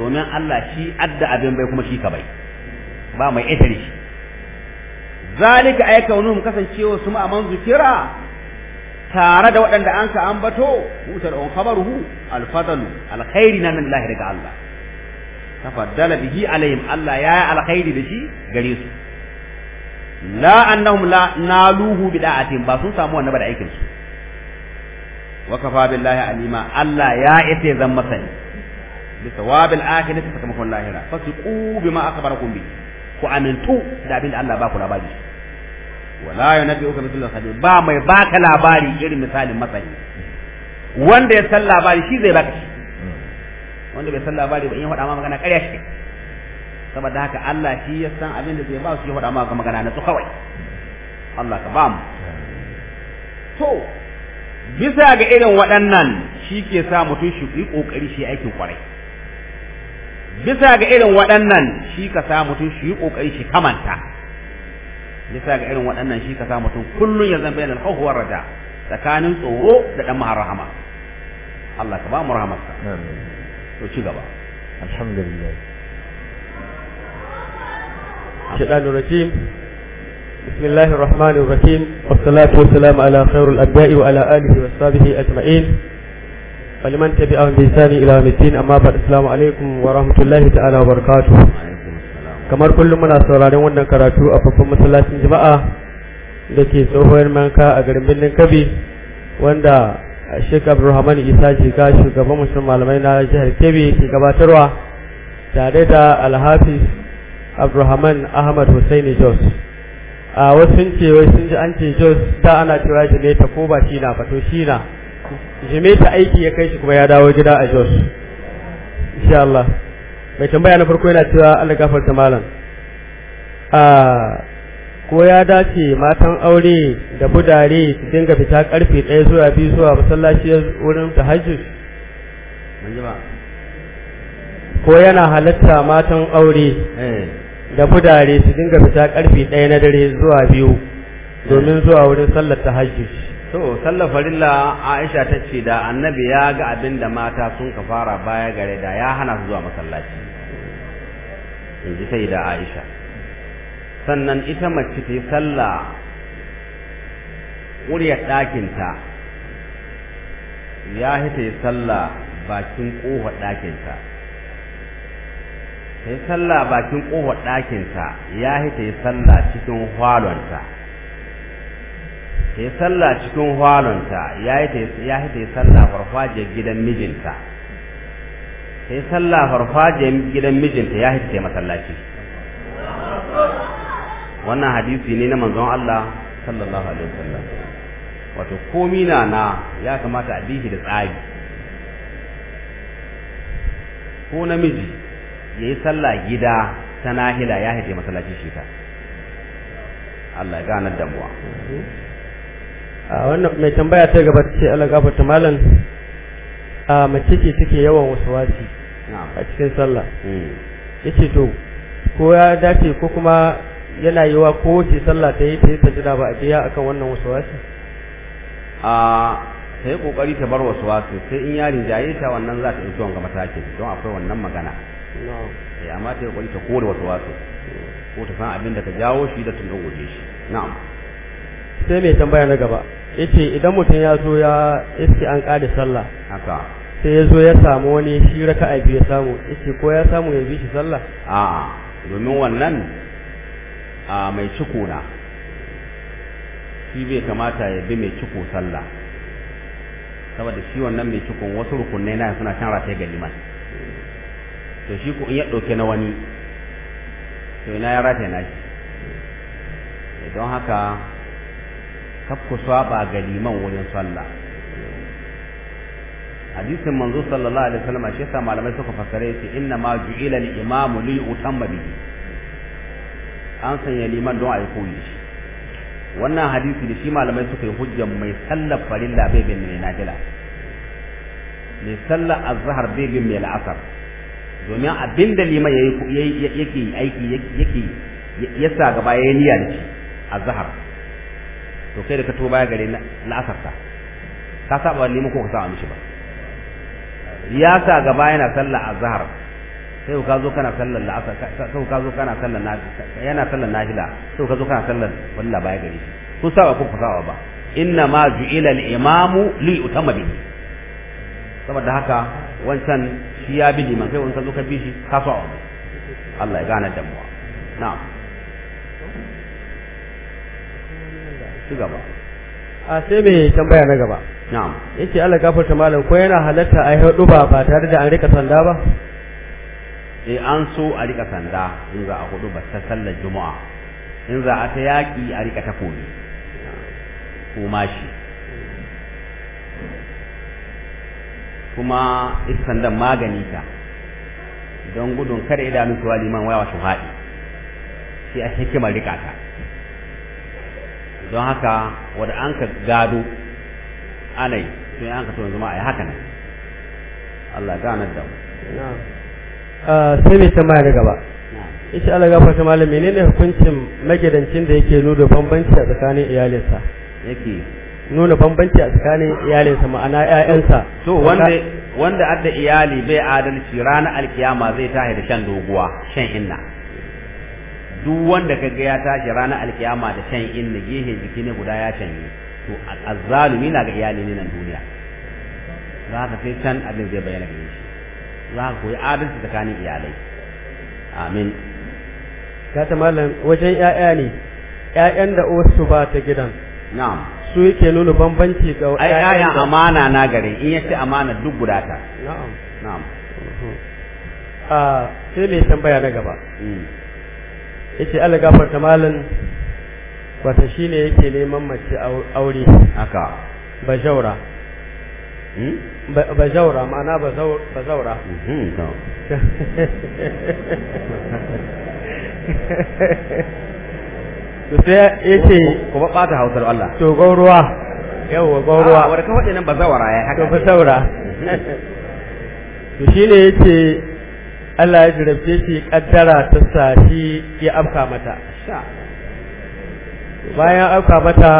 domin Allah shi adda abin bai kuma shi ka bai ba mai itare shi zalika ay kaunum kasancewa su ma man zikira tare da waɗanda an ka ambato hutar on khabaruhu al fadlu al na min Allah daga Allah tafaddala bihi alaihim Allah ya yi alkhairi da shi gare su la annahum la naluhu bi da'atin ba sun samu wannan ba da aikin su wa kafa billahi alima Allah ya ite zan masani bi sawabil akhirati sakamakon lahira fasiqu bima akbarakum bi ku amintu da abin da Allah ba ku labari wala yunabbi'uka mithlu khabir ba mai baka labari irin misalin masani wanda ya san labari shi zai baka wanda bai san labari ba in ya faɗa ma magana ƙarya shi saboda haka Allah shi ya san abin da zai ba su ya faɗa ma magana na su kawai Allah ka ba mu to bisa ga irin waɗannan shi ke sa mutum shi yi ƙoƙari shi aikin kwarai bisa ga irin waɗannan shi ka sa mutum shi yi ƙoƙari shi kamanta bisa ga irin waɗannan shi ka sa mutum kullum ya zama bainal khawf war tsakanin tsoro da dan maharrama Allah ka ba mu rahamarsa to ci gaba alhamdulillah alihi washabihi ajma'in faliman tabi'a bi sani ila mitin ta'ala wa kamar kullum muna sauraron wannan karatu a babban masallacin jama'a da ke tsohon manka a garin birnin kabi wanda Sheikh Abdulrahman Isa Jika shugaban musulman malamai na jihar Kebbi ke gabatarwa tare da Alhafiz Abdulrahman Ahmad Hussein Jos. A wasu ce wai sun ji an ce Jos da ana cewa ta ko ba shi na fato shi na. ta aiki ya kai shi kuma ya dawo gida a Jos. Insha Allah. Mai tambaya na farko yana cewa Allah gafarta malam. ko ya dace matan aure da budare su dinga fita karfe ɗaya zuwa biyu zuwa masallaci wurin ta tahajjud ko yana halatta matan aure eh. da budare su dinga fita karfe ɗaya na dare zuwa biyu domin eh. zuwa wurin sallar ta hajji. to sallar farilla Aisha ta ce da annabi ya ga abin da mata sun ka fara baya gare da ya hana su zuwa masallaci in ji sai da Aisha sannan ita mace ta yi sallah ƙuryar ɗakinta ya ta yi sallah bakin ƙofar ɗakinta ta yi sallah bakin ƙofar ɗakinta ya ta yi sallah cikin hwalonta ta yi sallah cikin hwalonta ya ta yi sallah farfajiyar gidan mijinta ta yi sallah farfajiyar gidan mijinta ya ta yi masallaci wannan hadisi ne na manzon Allah sallallahu alaihi wasallam wato komi na na ya kamata a da tsari ko namiji ya yi sallah gida ta nahila ya haife masallaci shi ka Allah ya ganar da muwa a wannan mai tambaya ta gaba ce Allah gafarta malam a mace ce take yawan wasawasi a cikin sallah hmm. yace to ko ya dace ko kuma yana yiwa ko wace sallah ta yi ta yi sajada ba a biya akan wannan wasu a ta yi kokari ta bar wasu sai in ya jaye ta wannan za ta iso wanga matakin don akwai wannan magana ya eh, amma ta yi kokari ta kore wasu ko ta san abin da ka jawo shi da tunan guje shi na'am sai mai tambaya na gaba yace idan mutum ya zo ya iske an kada sallah haka sai ya zo ya samu wani shi raka'a biyu ya samu yace ko ya samu ya bi shi sallah a'a domin wannan a mai ciko na shi bai kamata ya bi mai ciko sallah saboda shi wannan mai cikon wasu rukunai na suna can rataye ga liman to shi ko in ya ɗauke na wani to ina ya rataye na shi don haka kaf ku saba ga liman wurin sallah hadisin manzo sallallahu alaihi wasallam shi yasa malamai suka fassare shi inna ma ju'ila al-imamu li utamma bihi an sanya liman don a yi koyi shi wannan hadisi da shi malamai suka yi hujjan mai sallar farilla bai bin mai nafila mai sallar azhar bai bin mai la'asar domin abinda liman yayi yake aiki yake yasa gaba yi niyya da shi azhar to kai da ka to baya gare la'asar ta ka saba liman ko ka saba mishi ba ya sa gaba yana sallar azhar sai ka zo kana sallar la'asa sai ka zo kana sallar yana sallar nafila sai ka zo kana sallar walla baya gare shi ko sawa ko fasawa ba inna ma ju'ila al-imamu li Utamadi. bihi saboda haka wancan shi ya bi liman kai wancan zo ka bi shi ka sawa Allah ya gane da mu na'am shi gaba a sai me tambaya na gaba na'am yace Allah gafarta malam ko yana halatta a yi ba ba tare da an rika sanda ba eh an so a rika sanda in za a hudu ta sallar juma'a in za a ta yaƙi a rika takobi ko mashi kuma ita sandan magani ta don gudun kada su wa liman waya su haɗi shi a hikimar rika ta don haka wadda an ka gado anai sun an ka so yanzu a yi haka nan Allah ganar da mu sai mai tambaya na gaba yace Allah gafarta malam menene hukuncin magidancin da yake nuna bambanci a tsakanin iyalinsa yake nuna bambanci a tsakanin iyalinsa ma'ana ƴaƴansa to wanda wanda adda iyali bai adalci ranar alkiyama zai tashi da shan doguwa shan inna duk wanda kaga ya tashi ranar alkiyama da shan inna gehe jiki ne guda ya yi to azzalumi na ga iyali ne nan duniya za ka sai can abin zai bayyana gare shi za ka koyi adalci tsakanin iyalai amin ka ta malam wajen ƴaƴa ne ƴaƴan da uwarsu ba ta gidan na'am su yake nuna bambanci ga ai ƴaƴan amana na gare in yace amana duk guda ta na'am na'am a sai mai tambaya na gaba mm. yace Allah gafarta malam wata shine yake neman mace aure haka bajaura Hmm? bazaura ma'ana bazaura hmm, to sai ya ce kuma bata hausar Allah to gauruwa wa gauruwa ah, wanda ka faɗi nan bazawara ya haka to bazaura to shine ce. Allah ya jirabce shi kaddara ta shi ya afka mata bayan afka mata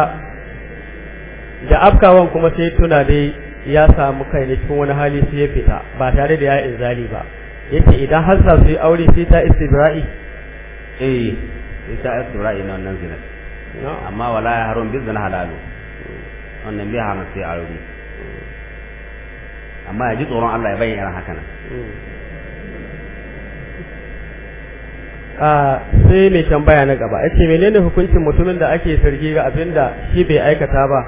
da afkawan kuma sai tuna dai ya samu kai ne cikin wani hali sai ya fita ba tare da ya inzali ba yace idan har za su yi aure sai ta istibra'i eh sai ta istibra'i na wannan zina amma wala ya haram bi zina halalu wannan bai haram sai aure amma ya ji tsoron Allah ya bayyana haka nan mm. a ah, sai mai tambaya na gaba yace menene hukuncin mutumin da ake sarki ga abinda shi bai aikata ba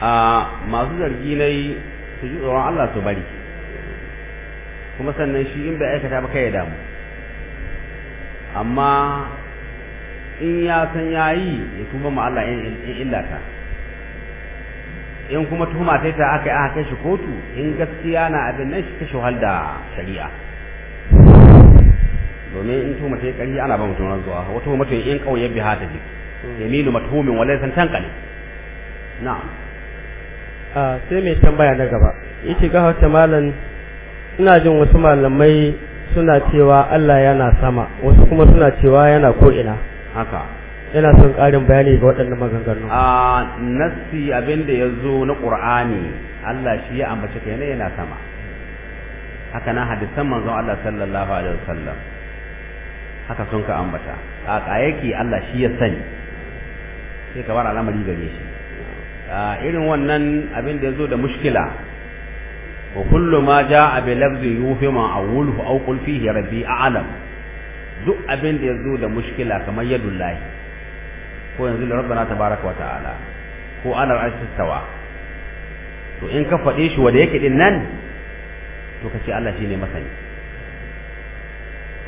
a masu zargi na yi su ji tsoron Allah su bari kuma sannan shi in bai aikata ba kai ya damu amma in ya san ya yi ya tuba ma Allah in illata in kuma tuhuma ta ta aka yi aka kai shi kotu in gaskiya na abin nan shi kashe wahal da shari'a domin in tuhuma ta yi ƙarfi ana ba mutum ranzuwa wata mutum in ƙauye bi hata ji hmm. yamilu matuhumin walai san tankali na'am sai mai tambaya na gaba yace ga ta malam ina jin wasu malamai suna cewa Allah yana sama wasu kuma suna cewa yana ko ina haka yana son ƙarin bayani ga waɗannan maganganu a nassi abinda ya zo na ƙur'ani Allah shi ya ambace ka yana yana sama haka na hadisan manzo Allah sallallahu alaihi wasallam haka sun ka ambata a ƙayaki Allah shi ya sani sai ka bar al'amari gare shi Ah, irin wannan abin da ya zo da mushkila wa kullu ma ja jaa bi lafzi yufima awwuluhu aw qul fihi rabbi a'lam duk abin da ya zo da mushkila kamar yadullahi ko yanzu da rabbana tabaraka wa ta'ala ko ana ra'astawa to in ka fade shi wanda yake din nan to ka ce Allah shi ne masani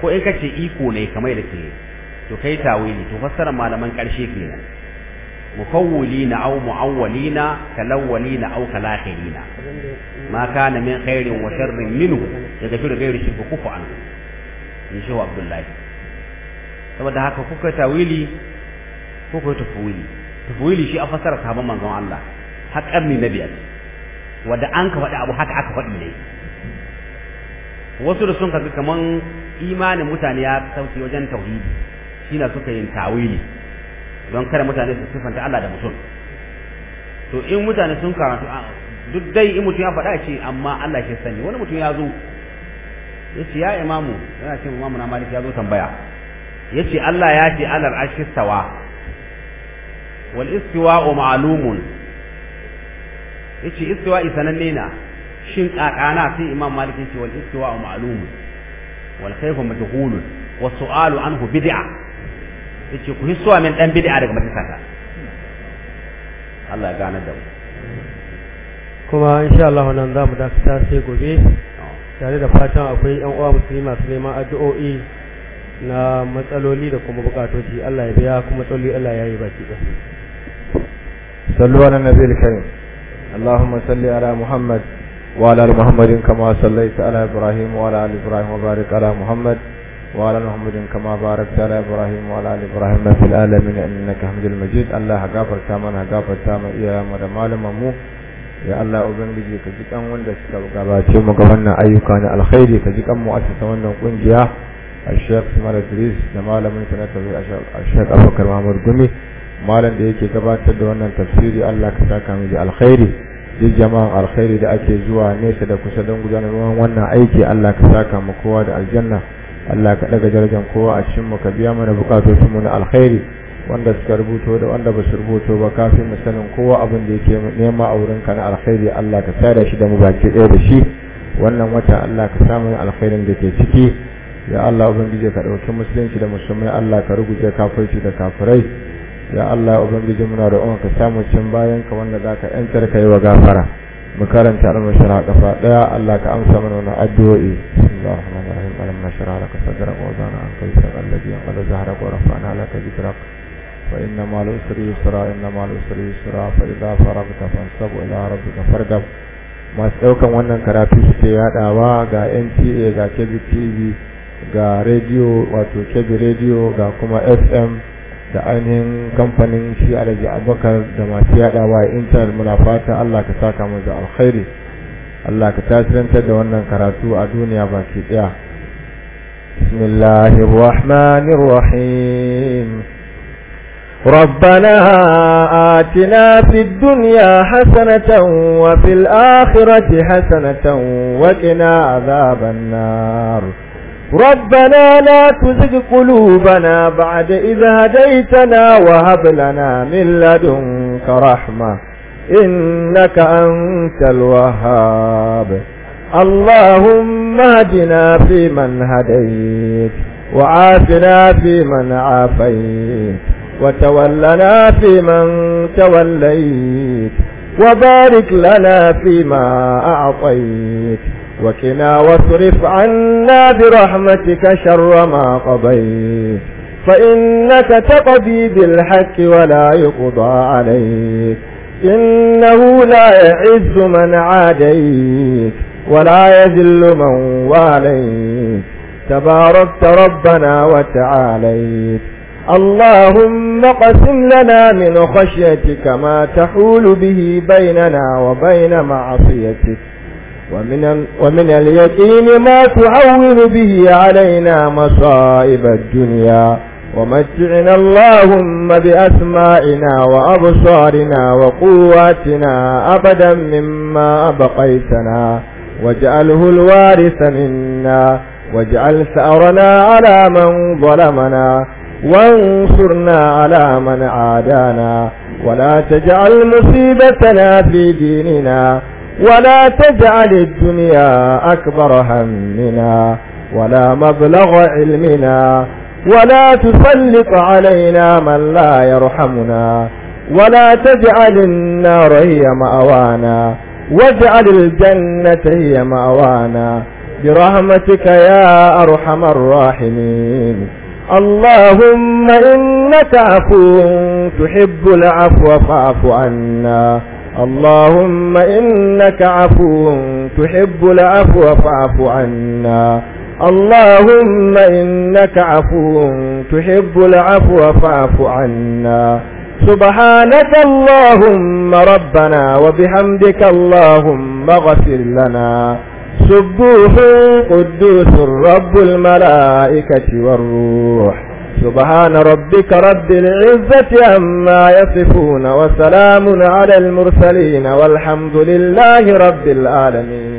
ko in ka ce iko ne kamar da ke to kai tawili to fassara malaman ƙarshe kenan مفولين أو معولين كالأولين أو كالآخرين ما كان من خير وشر منه يغفر غير الشرك كف عنه إن شاء عبد الله saboda haka kuka tawili kuka tafwili tafwili shi a fasara sahabban manzon Allah har karni na biyar wanda an ka faɗi abu haka aka faɗi ne wasu da sun kaga kaman imanin mutane ya sauki wajen tauhidi shi na suka yin tawili don kada mutane su sifanta Allah da mutum to in mutane sun karatu duk dai in mutum ya faɗa ce amma Allah ke sani wani mutum ya zo ya ce ya imamu yana ce imamu na malik ya zo tambaya ya ce Allah ya ce alar ashistawa wal istiwa wa ma'lumun ya ce istiwa sananne na shin kakana sai imam malik ya ce wal istiwa wa ma'lumun wal khayfu majhulun wa su'alu anhu bid'a yace ku hissuwa min dan bid'a daga matakata Allah ya gane da mu kuma insha Allah nan zamu dakata sai gobe tare da fatan akwai yan uwa musulmi masu neman addu'o'i na matsaloli da kuma bukatoci Allah ya biya kuma tsalli Allah ya yi baki da sallu ala nabiyil karim اللهم صل على محمد وعلى ال محمد كما صليت على ابراهيم وعلى Ibrahim wa barik ala Muhammad وعلى محمد كما باركت على إبراهيم وعلى آل إبراهيم في العالمين إنك حمد مجيد الله غفر تامن غفر تام يا مدمال ممو ya Allah ubangiji ka ji kan wanda suka gabace mu wannan ayyuka na alkhairi ka ji kan mu wannan kungiya Sheikh Sumar Idris da malamin sanata Sheikh Abubakar Muhammad Gumi malam da yake gabatar da wannan tafsiri Allah ka saka mu alkhairi duk jama'an alkhairi da ake zuwa nesa da kusa don gudanar wannan aiki Allah ka saka mu kowa da aljanna Allah ka daga darajar kowa a cikin mu ka biya mana bukatocin mu na alkhairi wanda suka rubuto da wanda ba su rubuto ba kafin mu sanin kowa abin da yake nema a wurin ka na alkhairi Allah ka tsara shi da mu baki ɗaya da shi wannan wata Allah ka samu alkhairin da ke ciki ya Allah ubangiji ka dauki musulunci da musulmai Allah ka ruguje kafirci da kafirai ya Allah ubangiji muna roƙon ka samu cin bayan ka wanda zaka yantar ka yi wa gafara mu karanta al kafa daya Allah ka amsa mana wannan addu'o'i الرحمن الرحيم ألم نشرح لك صدرك ووضعنا الذي أنقذ ورفعنا لك ذكرك فإن مع يسرا إن مع يسرا فإذا فرغت فانصب إلى ربك فارغب masu ɗaukan wannan karatu suke yaɗawa ga NTA ga Kebbi TV ga rediyo ga kuma FM da ainihin kamfanin shi Alhaji Abubakar da masu yaɗawa a intanet muna fata Allah ka saka mu da alkhairi Allah ka tasirantar da wannan karatu a duniya baki daya bismillahir rahmanir rahim ربنا آتنا في الدنيا حسنة وفي الآخرة حسنة وقنا عذاب النار ربنا لا تزغ قلوبنا بعد إذ هديتنا وهب لنا من لدنك رحمة إنك أنت الوهاب اللهم اهدنا فيمن هديت وعافنا فيمن عافيت وتولنا فيمن توليت وبارك لنا فيما أعطيت وكنا واصرف عنا برحمتك شر ما قضيت فإنك تقضي بالحق ولا يقضى عليك إنه لا يعز من عاديت ولا يذل من واليت تباركت ربنا وتعاليت اللهم قسم لنا من خشيتك ما تحول به بيننا وبين معصيتك ومن, ومن اليقين ما تعول به علينا مصائب الدنيا ومتعنا اللهم بأسمائنا وأبصارنا وقواتنا أبدا مما أبقيتنا واجعله الوارث منا واجعل ثأرنا على من ظلمنا وانصرنا على من عادانا ولا تجعل مصيبتنا في ديننا ولا تجعل الدنيا أكبر همنا ولا مبلغ علمنا ولا تسلط علينا من لا يرحمنا ولا تجعل النار هي مأوانا واجعل الجنة هي مأوانا برحمتك يا أرحم الراحمين اللهم إنك عفو تحب العفو فاعف عنا اللهم إنك عفو تحب العفو فاعف عنا اللهم إنك عفو تحب العفو فاعف عنا سبحانك اللهم ربنا وبحمدك اللهم اغفر لنا سبوح قدوس رب الملائكة والروح سبحان ربك رب العزة عما يصفون وسلام على المرسلين والحمد لله رب العالمين